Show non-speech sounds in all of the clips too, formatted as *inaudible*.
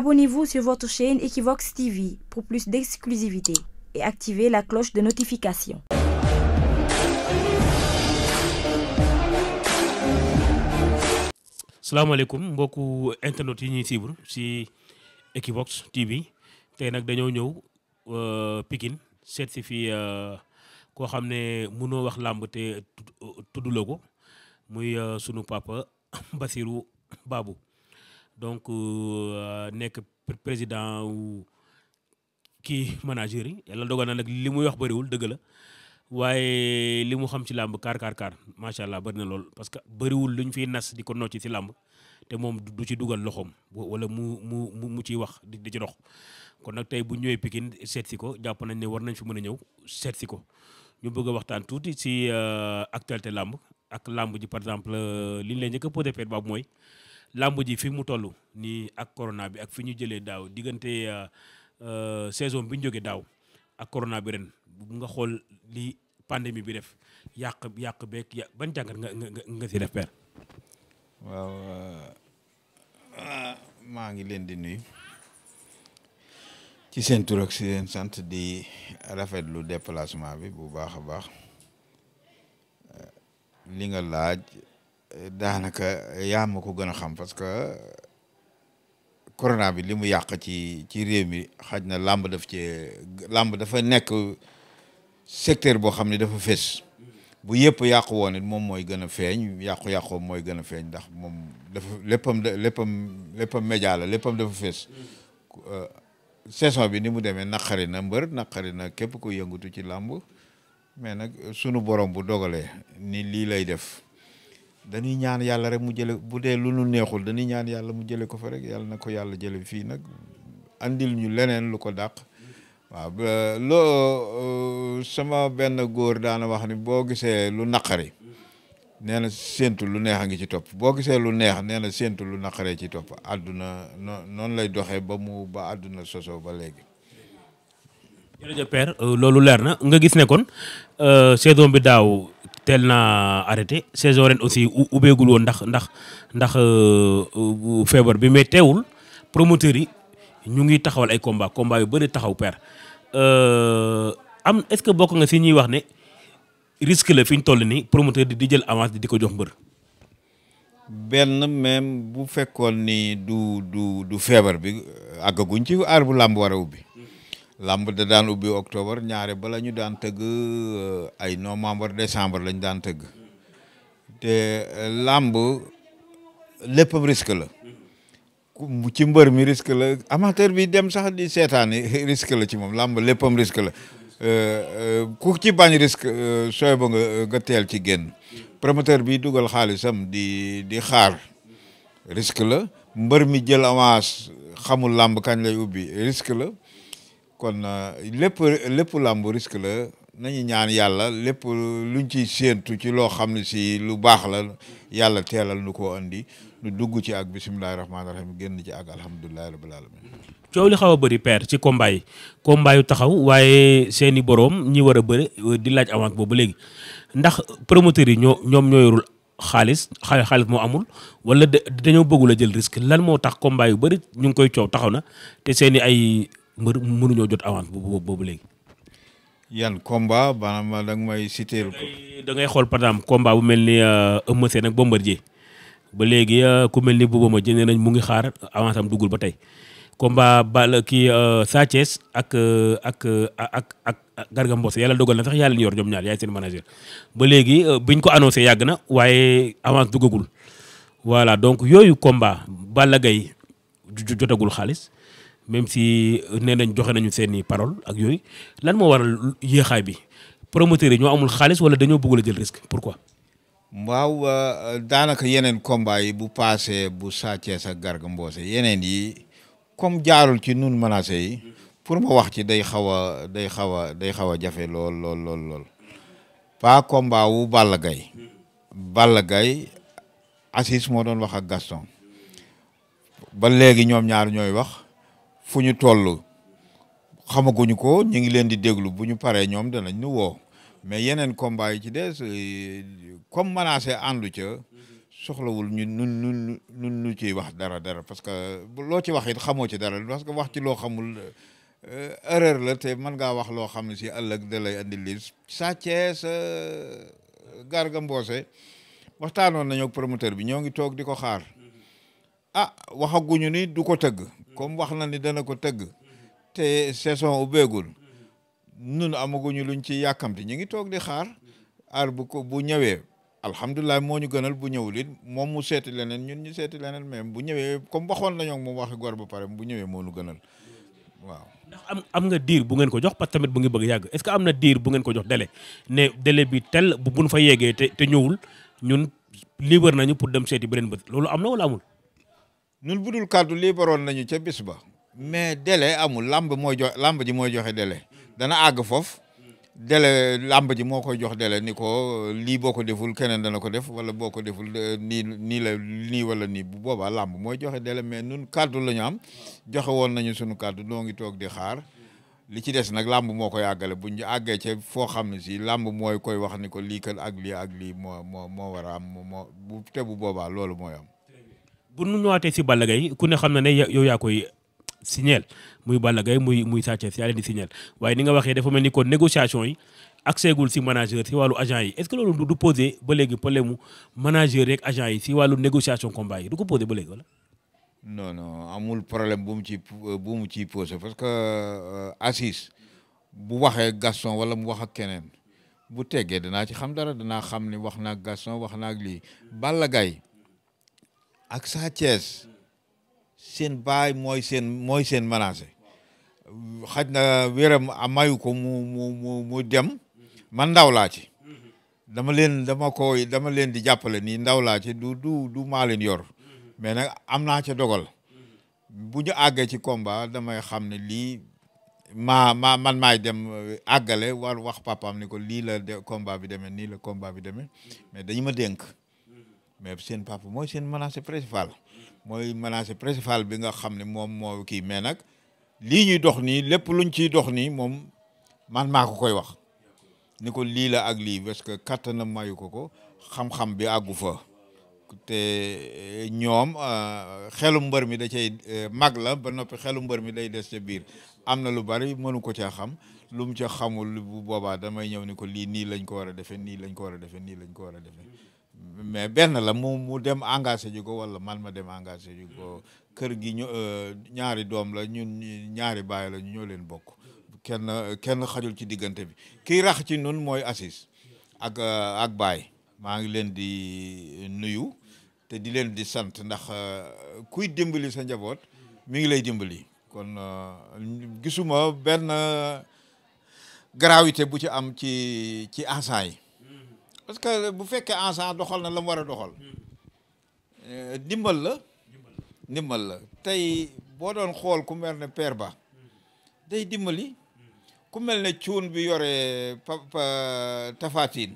Abonnez-vous sur votre chaîne Equivox TV activez la cloche de notification. salaamaaleykum mbokku internet yi ñuy suivre si Equivox TV tey nag dañoo ñëw euh, pikin seet si fii euh, koo xam ne munoo wax làmb te euh, tudduloo ko muy sunu papa *coughs* Basirou Babou. donc euh, nekk président wu kii *laughs* manager la yàlla dogal na nag li muy wax bëriwul dëgg la waaye li mu xam ci làmb kaar kaar kaar macha allah bëri na lool parce que bëriwul lu ñu fiy nas di ko nocci ci làmb te moom du ci dugal loxoom wala mu mu mu ciy wax di ci dox kon nag tey bu ñëwee pikin seet si ko jàpp nañ ne war nañ fi mën a ñëw seet si ko ñu bëgg a waxtaan tuuti si euh, actualité làmb ak làmb ji par exemple euh, li ñu lay njëkk a posé mooy. làmb ji fi mu toll nii ak corona bi ak fi ñu jëlee daaw diggante euh, euh, saison bi ñu jógee daaw ak corona bi ren bu nga xool li pandémie bi def yàq yàq beeg ya ban jàngat nga nga nga si def père. Euh, ah, maa ngi leen di nuyu ci seen tur ak seen sant di rafetlu déplacement bi bu baax a baax li nga laaj. daanaka yaa ma ko gën a xam parce que corona bi li mu yàq ci ci réew mi xaj na làmb daf ci làmb dafa nekk secteur boo xam ne dafa fés bu yëpp yàqu woon moom mooy gën a feeñ yàqu-yàqu mooy gën a feeñ ndax moom dafa léppam léppam léppam média la léppam dafa fés euh, saison bi ni mu demee naqari na mbër naqari na képp ku yëngatu ci làmb mais nag sunu borom bu dogalee ni lii lay def dañuy ñaan yàlla rek mu jële bu dee lu nu neexul dañuy ñaan yàlla mu jële ko fa rek yàlla na ko yàlla jële fii nag andil ñu leneen lu ko dàq waaw loo euh, sama benn góor daana wax ni boo gisee lu naqari nee na séntu lu neex a ngi ci topp boo gisee lu neex nee na lu naqaree ci topp àdduna noonu lay doxee ba mu ba àdduna sosoo ba léegi euh, loolu leer na nga gis ne kon euh, saison bi daaw teel na arrêté saison ren aussi ubbeegul woon ndax ndax ndax euh, euh, feebar bi mais teewul promoteurs yi ñu ngi taxawal ay combat combat yu bëri taxaw père euh, am est-ce que bokk nga si ñuy wax ni risque la fi ñu toll nii promoteur di di jël avance di ko jox mbër. benn même bu fekkoon ni du du du feebar bi àggaguñ ci aar bu làmb war a ubbi. làmb da daan ubbi octobre ñaare bala ñu daan tëgg euh, ay novembre décembre lañ daan tëgg te euh, làmb lépp risque la ci mbër mi risque la amateur bi dem sax di seetaani *laughs* risque la ci moom làmb léppam risque la euh, ku ci bañ risque sooy ba nga nga teel ci génn promoteur bi dugal xaalisam di di xaar risque la mbër mi jël avance xamul làmb kañ lay ubbi risque la kon euh, lépp lépp làmb risque la nañu ñaan yàlla lépp lu luñ ciy séentu ci loo xam ne si lu baax la yàlla teelal nu ko andi nu dugg ci ak bisimilahi rahmaani rahim génn ci ak alhamdulilahi rabil alamin coow li xaw a bëri père ci combat yi combat yu taxaw waaye seeni i boroom ñi war a bëri euh, di laaj avance boobu léegi ndax promoteurs yi ñoo ñoom ñoo yorul xaalis xaalis moo amul wala dañoo bëggul a jël risque lan moo tax combat yu bëri ñu ngi koy coow taxaw na te mbër mënuñoo jot avance boobu boobu léegi. yan combat maanaam da nga may citer. da ngay par exemple combat bu mel ni euh, Eumeu Sène ak Bombardier ba léegi euh, ku mel ni bu ma jëndee nañ mu ngi xaar avance am duggul ba tey. combat bal kii euh, Sa ak ak ak ak Garga Mbossé yàlla dogal na sax yàlla ñu yor ñoom ñaar yaay seen manager ba léegi biñ ko annoncé yàgg na waaye avance duggagul voilà donc yooyu combat Balla Gaye jotagul xaalis même si euh, nee nañ joxe nañu seeni parole ak yooyu lan moo waral yéexaay bi promoteurs yi ñoo amul xaalis wala dañoo bëggul a jël risque pourquoi. waaw euh, daanaka yeneen combat bu paasee bu sàccee sa garga mboose yeneen yi comme jaarul ci nun menacé yi pour ma wax ci day xaw a day xaw a day xaw a jafe lool lool lool lool pas combat wu Balla Gaye Balla Assis moo doon wax ak Gaston ba léegi ñoom ñaar ñooy wax fu ñu toll xamaguñu ko ñu ngi leen di déglu bu ñu paree ñoom danañ nu woo mais yeneen combat ci de comme menacé àndu ca soxlawul ñu nun nun nun nu ciy wax dara dara parce que loo ci wax it xamoo ci dara parce que wax ci loo xamul euh, erreur la te mën ngaa wax loo xam ne si ëllëg da lay andi lii sa Thiès euh, Garga Mbossé waxtaanoon nañu ak promoteur bi ñoo ngi toog di ko xaar ah waxaguñu ni du ko tëgg comme wax na ni dana ko tëgg te saison ubbeegul nun amaguñu luñ ci yàkkamti ñu ngi toog di xaar aar bu ko bu ñëwee alhamdulilah moo ñu gënal bu ñëwul it moom mu seeti leneen ñun ñu seeti leneen mais bu ñëwee comme waxoon nañoo mu waxi gor ba pare bu ñëwee moo ñu gënal waaw. ndax am am nga diir bu ngeen ko jox parce tamit bu ngi bëgg yàgg est-ce que am na diir bu ngeen ko jox délai ne délai bi tel bu buñ fa yeggee te te ñëwul ñun libre nañu pour dem seeti beneen bët loolu am na amul. ñun budul kàddu libéroon nañu ca bis ba mais délai amul làmb mooy jox làmb ji mooy joxe délai dana àgg foofu délai làmb ji moo koy jox dele ni ko lii boo ko deful keneen dana ko def wala boo ko deful nii nii la nii wala nii bu boobaa làmb mooy joxe dele mais nun kàddu la ñu am joxe woon nañu sunu kàddu noo ngi toog di xaar li ci des nag làmb moo koy àggale bu ñu àggee ca foo xam ne si làmb mooy koy wax ni ko lii kat ak lii ak lii moo moo moo war a am moo bu te bu boobaa loolu mooy am. bu nu ñëwaatee si Balla Gaye ku ne xam na ne yow yaa koy signeel muy Balla Gaye muy muy Sa Thiès yaa leen di signeel waaye ni nga waxee dafa mel ni kon négociation yi accès gul si manager si wàllu agent yi est ce que loolu du posé ba léegi problème mu manager rek agent yi si wàllu négociation combat yi du ko posé ba léegi wala. non non amul problème bu mu ci bu mu ciy posé parce que euh, Assis bu waxee Gaston wala mu wax ak keneen bu teggee danaa ci xam dara danaa xam ni wax naag Gaston wax naag lii Balla Gaye ak Sa Thiès seen baay mooy seen mooy seen manager xaj na wéram mayu ko mu mu mu mu dem man ndaw laa ci dama leen dama ko dama leen di jàppale nii ndaw laa ci du du du maa leen yor mais nag am naa ca dogal bu ñu àggee ci combat damay xam ne lii maa ma man maay dem àggale war wax papaam ni ko lii la combat bi demee nii la combat bi demee mais dañu ma dénk mais seen papa mooy seen menacé principal mooy menacé principal bi nga xam ne moom moo kii mais nag lii ñuy dox nii lépp luñ ciy dox nii moom man maa ko koy wax ni ko lii la ak lii parce que kattanam mayu ko ko xam-xam bi àggu fa te eh, ñoom euh, xelu mbër mi da cay euh, mag la ba noppi xelu mbër mi day des ca biir am na lu bari mënu ko caa xam lu mu ca xamul bu boobaa damay ñëw ni ko lii nii lañ ko war a defee nii lañ ko war a defee nii lañ ko war a defee mais benn la mu mu dem engagé ji ko wala man ma dem engagé ji ko kër gi ñu euh, ñaari doom la ñun ñaari baay la ñu ñoo leen bokk kenn kenn xajul ci diggante bi kii rax ci nun mooy assis ak euh, ak baay maa ngi leen di euh, nuyu te di leen di sant ndax kuy dimbali sa njaboot mi ngi lay dimbali kon gisuma benn gravité bu ci am ci ci enseigne yi parce que bu fekkee Ansa doxal na la mu war a doxal dimbal la ndimbal la tey boo doon xool ku mel ne Père Ba day dimbali ku mel ne cuun bi yore pa tafatin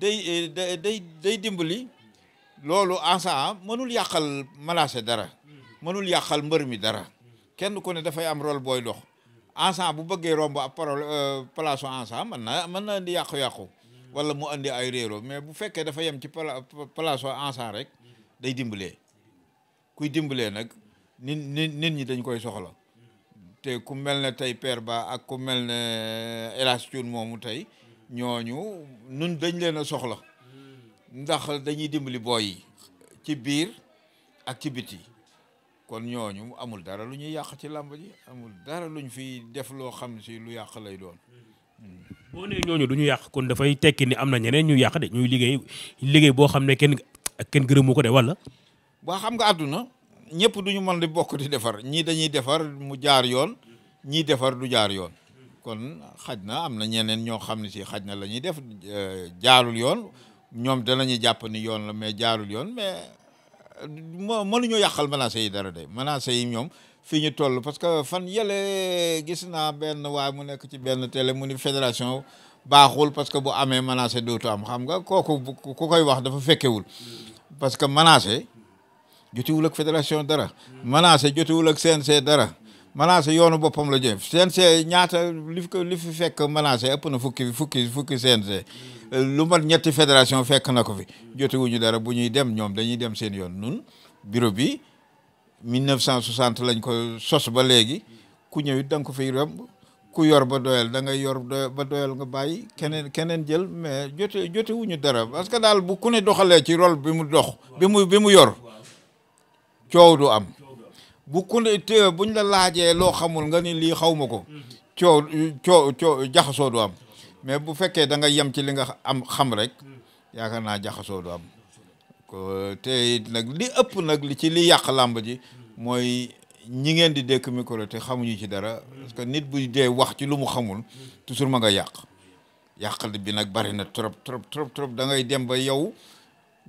day day dimbali loolu Ansa mënul yàqal malaase dara mënul yàqal mbër mi dara kenn ku ne dafay am rôle booy dox Ansa bu bëggee romb ab parole euh, place mën na mën na di yàqu-yàqu wala mu indi ay réeroo mais bu fekkee dafa yem ci pala place ensan rek day dimbalee kuy dimbalee nag nit nit nit ñi dañ koy soxla te ku mel ne tey per Ba ak ku mel ne El Hadj Thioune moomu tey ñooñu nun dañ leen a soxla ndax dañuy dimbali booy yi ci biir ak ci biti kon ñooñu amul dara lu ñuy yàq ci làmb ji amul dara luñ fi def loo xam si lu yàq lay doon boo nee ñooñu du ñu yàq kon dafay tekki ni am na ñeneen ñu yàq de ñuy liggéey liggéey boo xam ne kenn kenn gërëmu ko de wala. waa xam nga àdduna ñëpp du ñu mën di bokk di defar ñii dañuy defar mu jaar yoon ñii defar du jaar yoon kon xaj na am na ñeneen ñoo xam ne si xaj na la ñuy def eh, jaarul yoon ñoom danañu jàpp ni yoon la mais jaarul yoon mais. mënuñoo yàqal menacé yi dara de menacé yi ñoom fii ñu toll parce que fan yële gis naa benn waaye mu nekk ci benn télé mu ni fédération baaxul parce que bu amee menacé dootu am xam nga kooku ku koy wax dafa fekkewul parce que menacé jotiwul ak fédération dara menacé jotiwul ak CNC dara menacé yoonu boppam la jëm CNC ñaata li fi ko li fi fekk menacé ëpp na fukki fukki fukki CNC lu mat ñetti fédération fekk na ko fi jotewuñu dara bu ñuy dem ñoom dañuy dem seen yoon nun bureau bi 1960 lañ ko sos ba léegi ku ñëw it da nga ko fiy ku yor ba doyal da ngay yor ba doyal nga bàyyi keneen keneen jël mais jote jotewuñu dara parce que daal bu ku ne doxalee ci rôle bi mu dox bi mu bi mu yor coow du am bu ku ne buñ la laajee loo xamul nga ni lii xaw ma ko coow jaxasoo du am mais bu fekkee da nga yem ci li nga am xam rek yaakaar naa jaxasoo du am te nag li ëpp nag li ci li yàq làmb ji mooy ñi ngeen di dékk micro te xamuñu ci dara parce que nit bu dee wax ci lu mu xamul toujours ma nga yàq yàqal bi nag bari na trop trop trop trop da dem ba yow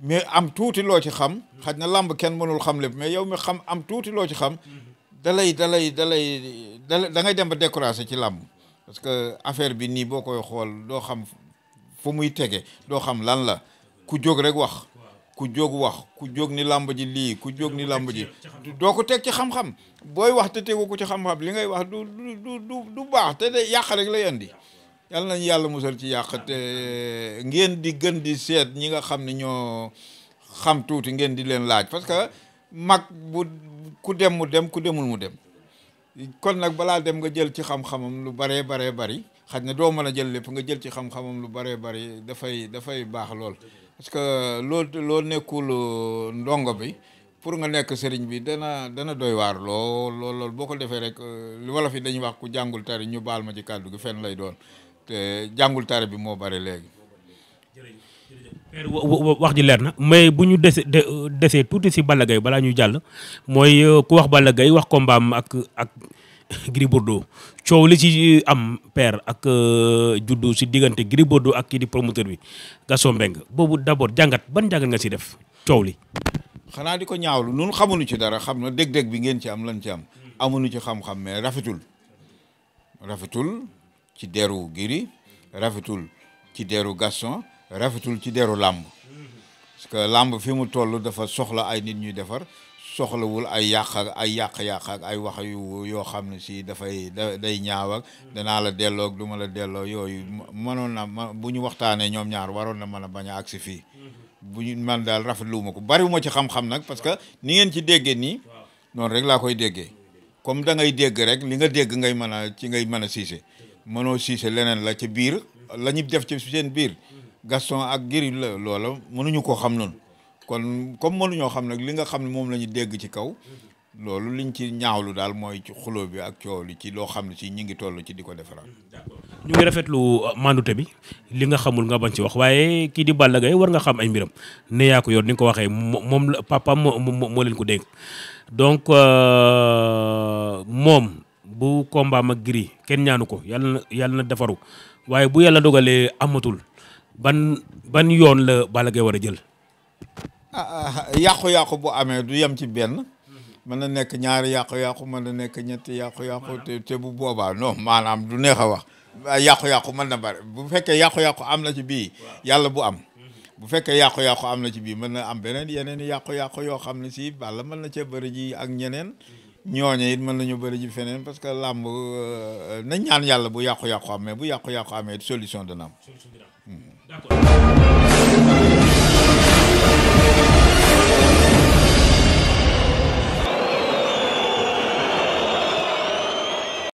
mais am tuuti loo ci xam xaj na làmb kenn mënul xam lépp mais yow mi xam am tuuti loo ci xam dalay dalay dalay da da ngay dem ba ci làmb parce que affaire bi nii boo koy xool doo xam fu muy tege doo xam lan la ku jóg rek wax ku jóg wax ku jóg ni làmb ji lii ku jóg ni làmb ji doo ko teg ci xam-xam booy wax te tegu ko ci xam-xam li ngay wax du du du du baax te de yàq rek lay andi yàlla nañ yàlla musal ci yàq te ngeen di gën di seet ñi nga xam ne ñoo xam tuuti ngeen di leen laaj parce que mag bu ku dem mu dem ku demul mu dem kon nag balaa dem nga jël ci xam-xamam lu baree baree bari xaj na doo mën a jël lépp nga jël ci xam-xamam lu baree bari dafay dafay baax lool parce que loo loo nekkul euh, ndongo bi pour nga nekk sëriñ bi dana dana doy waar lool lool lool boo ko defee rek euh, lu wolof yi dañuy wax ku jàngul tari ñu baal ma ci kàddu gi fenn lay doon te jàngul tari bi moo bari léegi jërëjëf wax ji leer na mais bu ñu dese desee tuuti si Balla gay balaa ñuy jàll mooy euh, ku wax Balla gay wax ko mbaam ak ak *laughs* Gris Bordeaux coow li ci euh, am per ak euh, juddu si diggante Gris Bordeaux ak kii di promoteur bi Gaston Mbengue boobu d'abord jàngat ban jàngat nga ci def coow li. xanaa di ko ñaawlu nun xamuñu ci dara xam na dég-dég bi ngeen ci am lan ci am amuñu ci xam-xam mais rafetul rafetul ci deru Gris rafetul ci deru Gaston. rafetul ci deru làmb parce que làmb fi mu toll dafa soxla ay nit ñuy defar soxlawul ay yàq ay yàq-yàq ak ay wax yoo xam ne si dafay da day ñaaw ak danaa la delloog du ma la delloo yooyu mënoon na bu ñu waxtaanee ñoom ñaar waroon na mën a bañ a fii bu ñu man daal rafetlu ma ko bariwuma ci xam-xam nag parce que ni ngeen ci déggee nii noonu rek laa koy déggee comme da ngay dégg rek li nga dégg ngay mën a ci ngay mën a siise mënoo siise leneen la ci biir la ñu def ci seen biir Gaston ak Gris la loola mënuñu ko xam noonu kon comme mënuñoo xam nag li nga xam ne moom la ñu dégg ci kaw loolu liñ ci ñaawlu daal mooy ci xuloo bi ak coow li ci loo xam ne si ñi ngi toll ci di ko defaraan ñu ngi rafetlu euh, mandute bi li nga xamul nga bañ ci wax waaye kii di Balla Gaye war nga xam ay mbiram ne yaa ko yor ni nga ko waxee moom la papa moo leen ko dénk donc euh, moom. bu combat ak Gris kenn ñaanu ko yàlla na yàlla na defaru waaye bu yàlla dogalee amatul ban ban yoon la bala Gaye war a jël. Ah, ah yàqu-yàqu bu amee du yem ci benn. mën na nekk ñaari yàqu-yàqu mën na nekk ñetti yàqu-yàqu. te te bu boobaa non am du neex a wax. Ah, yàqu-yàqu mën na bari bu fekkee yàqu-yàqu am na ci bii. yàlla bu am. bu fekkee yàqu-yàqu am na ci bii mën na am beneen yeneen yàqu-yàqu yoo xam ne si Balla mën na cee bëri ji ak ñeneen. ñooñe it mën nañu bëri ji feneen parce que làmb euh, nañ ñaan yàlla bu yàqu-yàqu amee bu yàqu-yàqu amee solution de am. solution